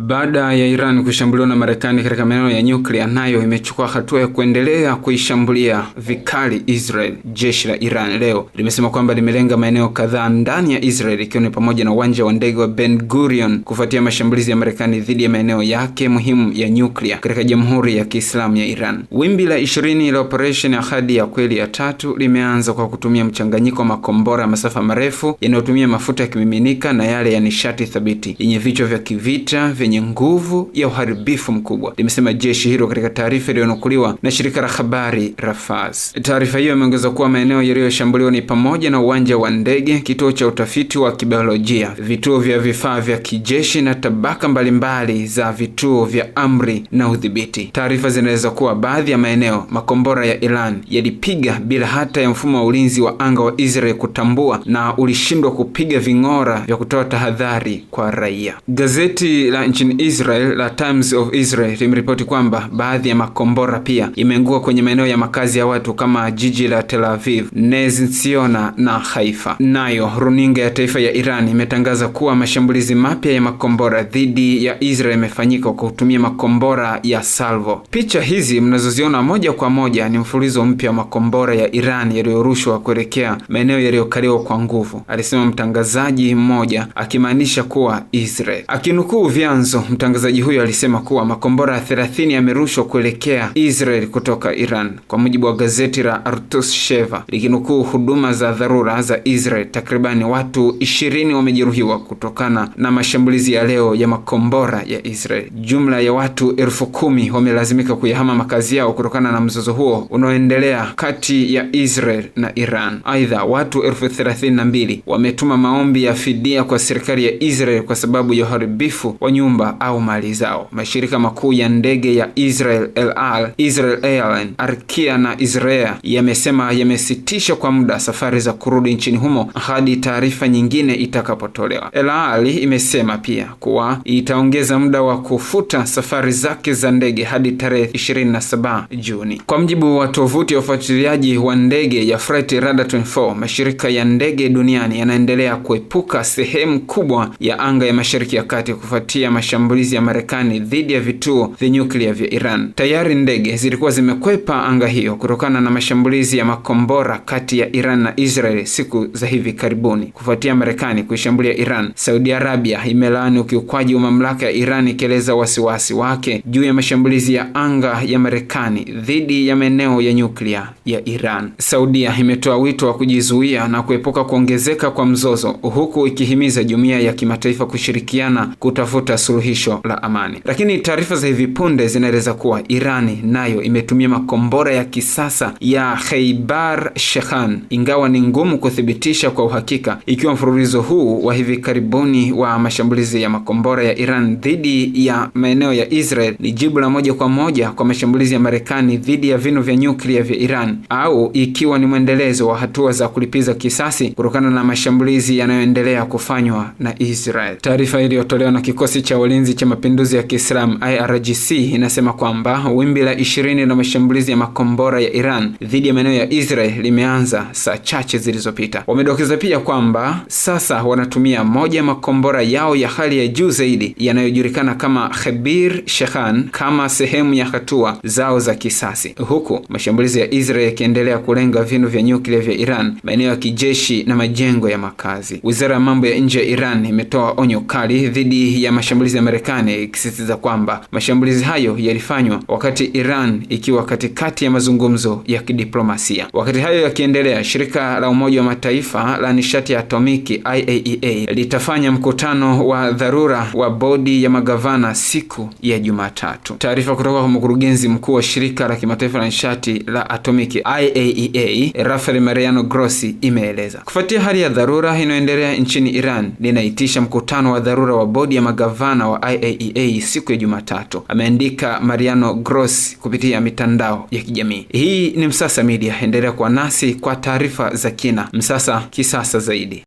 Baada ya Iran kushambuliwa na Marekani katika maeneo ya nyuklia, nayo imechukua hatua ya kuendelea kuishambulia vikali Israel. Jeshi la Iran leo limesema kwamba limelenga maeneo kadhaa ndani ya Israel, ikiwa ni pamoja na uwanja wa ndege wa Ben Gurion kufuatia mashambulizi ya Marekani dhidi ya maeneo yake muhimu ya nyuklia katika Jamhuri ya Kiislamu ya Iran. Wimbi la ishirini la operesheni Ahadi ya Kweli ya tatu limeanza kwa kutumia mchanganyiko wa makombora ya masafa marefu yanayotumia mafuta ya kimiminika na yale ya nishati thabiti yenye vichwa vya kivita vyenye nguvu ya uharibifu mkubwa, limesema jeshi hilo katika taarifa iliyonukuliwa na shirika la habari Rafaz. Taarifa hiyo imeongeza kuwa maeneo yaliyoshambuliwa ni pamoja na uwanja wa ndege, kituo cha utafiti wa kibiolojia, vituo vya vifaa vya kijeshi na tabaka mbalimbali mbali za vituo vya amri na udhibiti. Taarifa zinaeleza kuwa baadhi ya maeneo makombora ya Iran yalipiga bila hata ya mfumo wa ulinzi wa anga wa Israel kutambua na ulishindwa kupiga ving'ora vya kutoa tahadhari kwa raia. Gazeti la nchini Israel la Times of Israel limeripoti kwamba baadhi ya makombora pia imeanguka kwenye maeneo ya makazi ya watu kama jiji la Tel Aviv, Nez na Haifa. Nayo runinga ya taifa ya Iran imetangaza kuwa mashambulizi mapya ya makombora dhidi ya Israel yamefanyika kwa kutumia makombora ya salvo. Picha hizi mnazoziona moja kwa moja ni mfululizo mpya wa makombora ya Iran yaliyorushwa kuelekea maeneo yaliyokaliwa kwa nguvu, alisema mtangazaji mmoja akimaanisha kuwa Israel akinukuu vyanzo mwanzo, mtangazaji huyo alisema kuwa makombora 30 yamerushwa kuelekea Israel kutoka Iran. Kwa mujibu wa gazeti la Artus Sheva likinukuu huduma za dharura za Israel, takribani watu ishirini wamejeruhiwa kutokana na mashambulizi ya leo ya makombora ya Israel. Jumla ya watu elfu kumi wamelazimika kuyahama makazi yao kutokana na mzozo huo unaoendelea kati ya Israel na Iran. Aidha, watu elfu thelathini na mbili wametuma maombi ya fidia kwa serikali ya Israel kwa sababu ya uharibifu wa nyumba nyumba au mali zao. Mashirika makuu ya ndege ya Israel El Al, Israel Airlines, Arkia na Israel yamesema yamesitisha kwa muda safari za kurudi nchini humo hadi taarifa nyingine itakapotolewa. El Al imesema pia kuwa itaongeza muda wa kufuta safari zake za ndege hadi tarehe 27 Juni. Kwa mjibu wa tovuti ya ufuatiliaji wa ndege ya Flight Radar 24, mashirika ya ndege duniani yanaendelea kuepuka sehemu kubwa ya anga ya Mashariki ya Kati kufuatia mashambulizi ya Marekani dhidi ya vituo vya nyuklia vya Iran. Tayari ndege zilikuwa zimekwepa anga hiyo kutokana na mashambulizi ya makombora kati ya Iran na Israel siku za hivi karibuni. Kufuatia Marekani kuishambulia Iran, Saudi Arabia imelaani ukiukwaji wa mamlaka ya Iran ikieleza wasiwasi wake juu ya mashambulizi ya anga ya Marekani dhidi ya maeneo ya nyuklia ya Iran. Saudia imetoa wito wa kujizuia na kuepuka kuongezeka kwa mzozo huku ikihimiza jumuiya ya kimataifa kushirikiana kutafuta suluhisho la amani. Lakini taarifa za hivi punde zinaeleza kuwa Irani nayo imetumia makombora ya kisasa ya Kheibar Shekhan, ingawa ni ngumu kuthibitisha kwa uhakika ikiwa mfululizo huu wa hivi karibuni wa mashambulizi ya makombora ya Iran dhidi ya maeneo ya Israel ni jibu la moja kwa moja kwa mashambulizi ya Marekani dhidi ya vinu vya nyuklia vya Iran au ikiwa ni mwendelezo wa hatua za kulipiza kisasi kutokana na mashambulizi yanayoendelea kufanywa na Israel. Taarifa iliyotolewa na kikosi cha ulinzi cha mapinduzi ya Kiislamu IRGC inasema kwamba wimbi la ishirini la mashambulizi ya makombora ya Iran dhidi ya maeneo ya Israel limeanza saa chache zilizopita. Wamedokeza pia kwamba sasa wanatumia moja ya makombora yao ya hali ya juu zaidi yanayojulikana kama Khabir Shehan kama sehemu ya hatua zao za kisasi, huku mashambulizi ya Israel yakiendelea kulenga vinu vya nyuklia vya Iran, maeneo ya kijeshi na majengo ya makazi. Wizara ya mambo ya nje ya Iran imetoa onyo kali dhidi ya mashambulizi mashambulizi ya Marekani, ikisisitiza kwamba mashambulizi hayo yalifanywa wakati Iran ikiwa katikati ya mazungumzo ya kidiplomasia. Wakati hayo yakiendelea, shirika la Umoja wa Mataifa la nishati ya atomiki IAEA e litafanya mkutano wa dharura wa bodi ya magavana siku ya Jumatatu. Taarifa kutoka kwa mkurugenzi mkuu wa shirika la kimataifa la nishati la atomiki IAEA e Rafael Mariano Grossi imeeleza kufuatia hali ya dharura inayoendelea nchini Iran, linaitisha mkutano wa dharura wa bodi ya magavana gavana wa IAEA e siku ya Jumatatu, ameandika Mariano Gross kupitia mitandao ya kijamii. Hii ni Msasa Media, endelea kuwa nasi kwa taarifa za kina. Msasa kisasa zaidi.